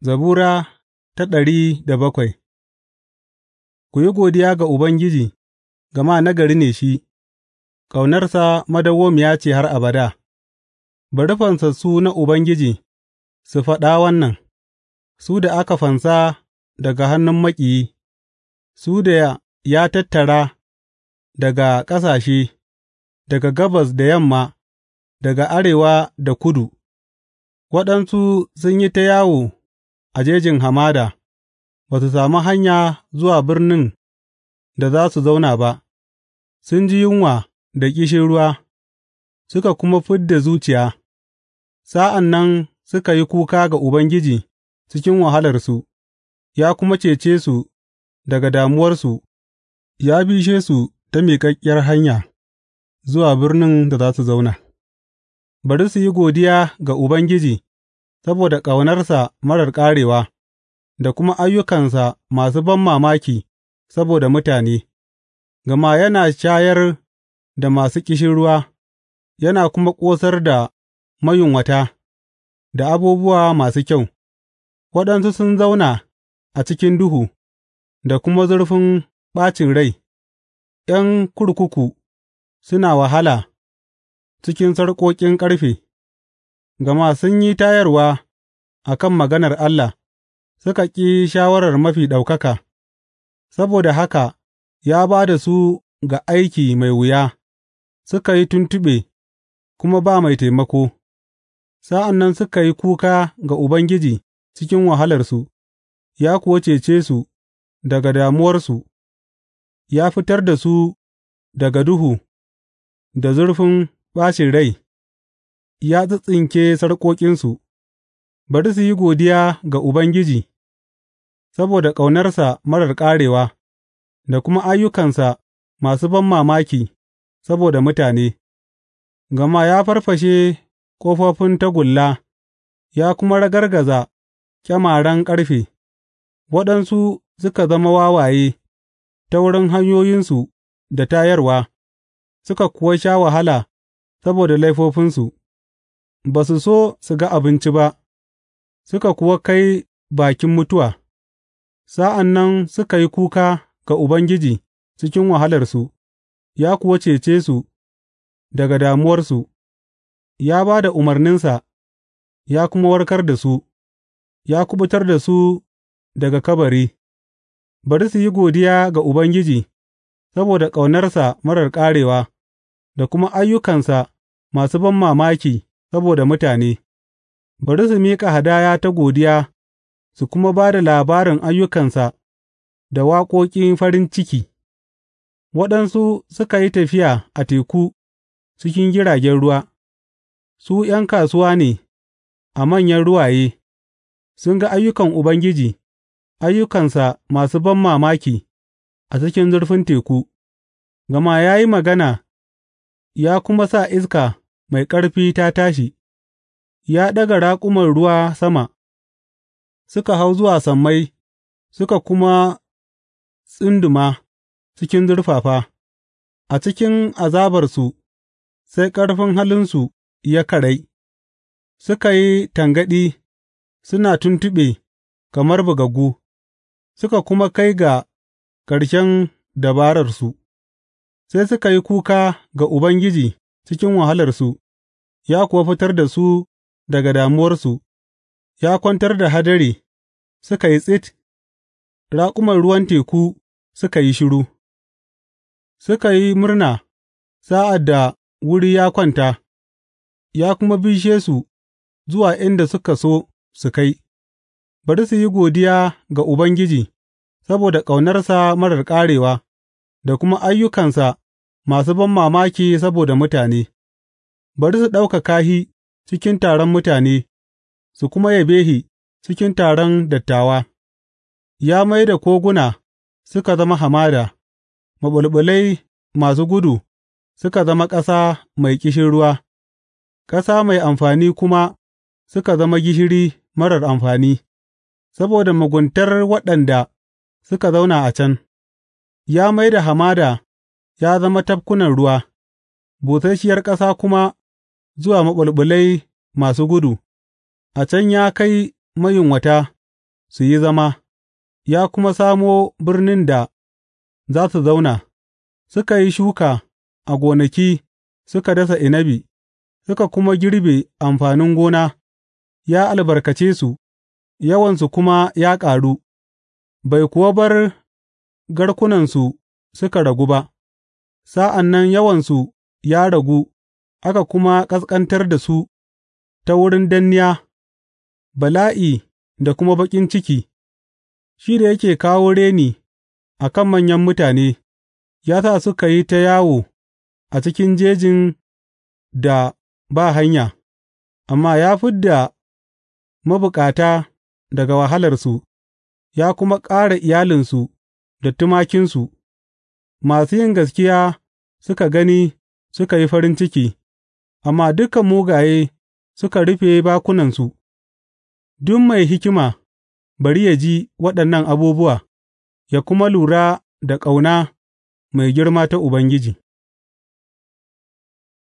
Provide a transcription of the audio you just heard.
Zabura ta ɗari da bakwai Ku yi godiya ga Ubangiji, gama nagari ne shi, ƙaunarsa madawwamiya ce har abada; bari fansassu na Ubangiji su faɗa wannan, su da aka fansa daga hannun maƙiyi, su da ya tattara daga ƙasashe, daga gabas da yamma, daga arewa da kudu, waɗansu sun yi ta yawo. a jejin hamada, ba su sami hanya zuwa birnin da za su zauna ba; sun ji yunwa da ruwa suka kuma fid da zuciya, sa'an nan suka yi kuka ga Ubangiji cikin wahalarsu, ya kuma cece su daga damuwarsu, ya bishe su ta miƙaƙƙiyar hanya zuwa birnin da za su zauna. Bari su yi godiya ga Ubangiji. saboda ƙaunarsa marar ƙarewa da kuma ayyukansa masu banmamaki saboda mutane, gama yana shayar da masu ƙishirwa yana kuma ƙosar da mayunwata da abubuwa masu kyau, waɗansu sun zauna a cikin duhu da kuma zurfin ɓacin rai, ’yan kurkuku suna wahala cikin sarƙoƙin ƙarfe. gama sun yi tayarwa a kan maganar Allah suka ƙi shawarar Mafi Ɗaukaka, saboda haka ya ba da su ga aiki mai wuya, suka yi tuntuɓe kuma ba mai taimako, sa'an nan suka yi kuka ga Ubangiji cikin wahalarsu, ya kuwa cece su daga damuwarsu, ya fitar da su daga duhu da zurfin ɓacin rai. ya tsittsinke sarƙoƙinsu; bari su yi godiya ga Ubangiji saboda ƙaunarsa marar ƙarewa da kuma ayyukansa masu banmamaki saboda mutane, gama ya farfashe ƙofofin tagulla ya kuma ragargaza ƙyamaren ƙarfe, waɗansu suka zama wawaye ta wurin hanyoyinsu da tayarwa, suka kuwa sha wahala saboda laifofinsu. ba su so su ga abinci ba, suka kuwa kai bakin mutuwa, sa'an nan suka yi kuka ga Ubangiji cikin wahalarsu, ya kuwa cece su daga damuwarsu, ya ba da umarninsa, ya kuma warkar da su, ya kubutar da su daga kabari, bari su yi godiya ga Ubangiji saboda ƙaunarsa marar ƙarewa da kuma ayyukansa masu ban mamaki. saboda mutane, bari su miƙa hadaya ta godiya su kuma ba da labarin ayyukansa da waƙoƙin farin ciki, waɗansu suka yi tafiya a teku cikin jiragen ruwa, su ’yan kasuwa ne a manyan ruwaye, sun ga ayyukan Ubangiji, ayyukansa masu ban mamaki a cikin zurfin teku, gama ya yi magana ya kuma sa iska. mai ƙarfi ta tashi, ya ɗaga raƙuman ruwa sama, suka hau zuwa sammai, suka kuma tsinduma cikin zurfafa, a cikin azabarsu sai ƙarfin halinsu ya karai, suka yi tangaɗi suna tuntuɓe kamar bugaggu, suka kuma kai ga ƙarshen dabararsu, sai suka yi kuka ga Ubangiji. cikin wahalarsu, ya kuwa fitar da su daga damuwarsu, ya kwantar da hadari, suka yi tsit, raƙuman ruwan teku suka yi shiru, suka yi murna sa'ad da wuri ya kwanta, ya kuma bishe su zuwa inda suka so su kai, bari su yi godiya ga Ubangiji saboda ƙaunarsa marar ƙarewa da kuma ayyukansa masu banmamaki saboda mutane, bari su ɗaukaka shi cikin taron mutane su kuma yabe shi cikin taron dattawa, ya mai da koguna suka zama hamada, maɓulɓulai masu gudu suka zama ƙasa mai ƙishin ruwa. ƙasa mai amfani kuma suka zama gishiri marar amfani, saboda muguntar waɗanda suka zauna a can, ya mai da hamada ya zama tafkunan ruwa, busasshiyar ƙasa kuma zuwa maɓulɓulai masu gudu; a can ya kai mayunwata su yi zama, ya kuma samo birnin da za su zauna; suka yi shuka a gonaki suka dasa inabi, suka kuma girbe amfanin gona, ya albarkace su, yawansu kuma ya ƙaru, bai kuwa bar garkunansu suka ragu ba. Sa'an nan yawansu ya ragu aka kuma ƙasƙantar da su ta wurin danniya, bala'i da kuma baƙin ciki, shi da yake kawo reni a kan manyan mutane, ya sa suka yi ta yawo a cikin jejin da ba hanya, amma ya fid da mabukata daga wahalarsu ya kuma ƙara iyalinsu da tumakinsu. Masu yin gaskiya suka gani suka yi farin ciki, amma dukan mugaye suka rufe bakunansu; duk mai hikima bari ya ji waɗannan abubuwa, ya kuma lura da ƙauna mai girma ta Ubangiji.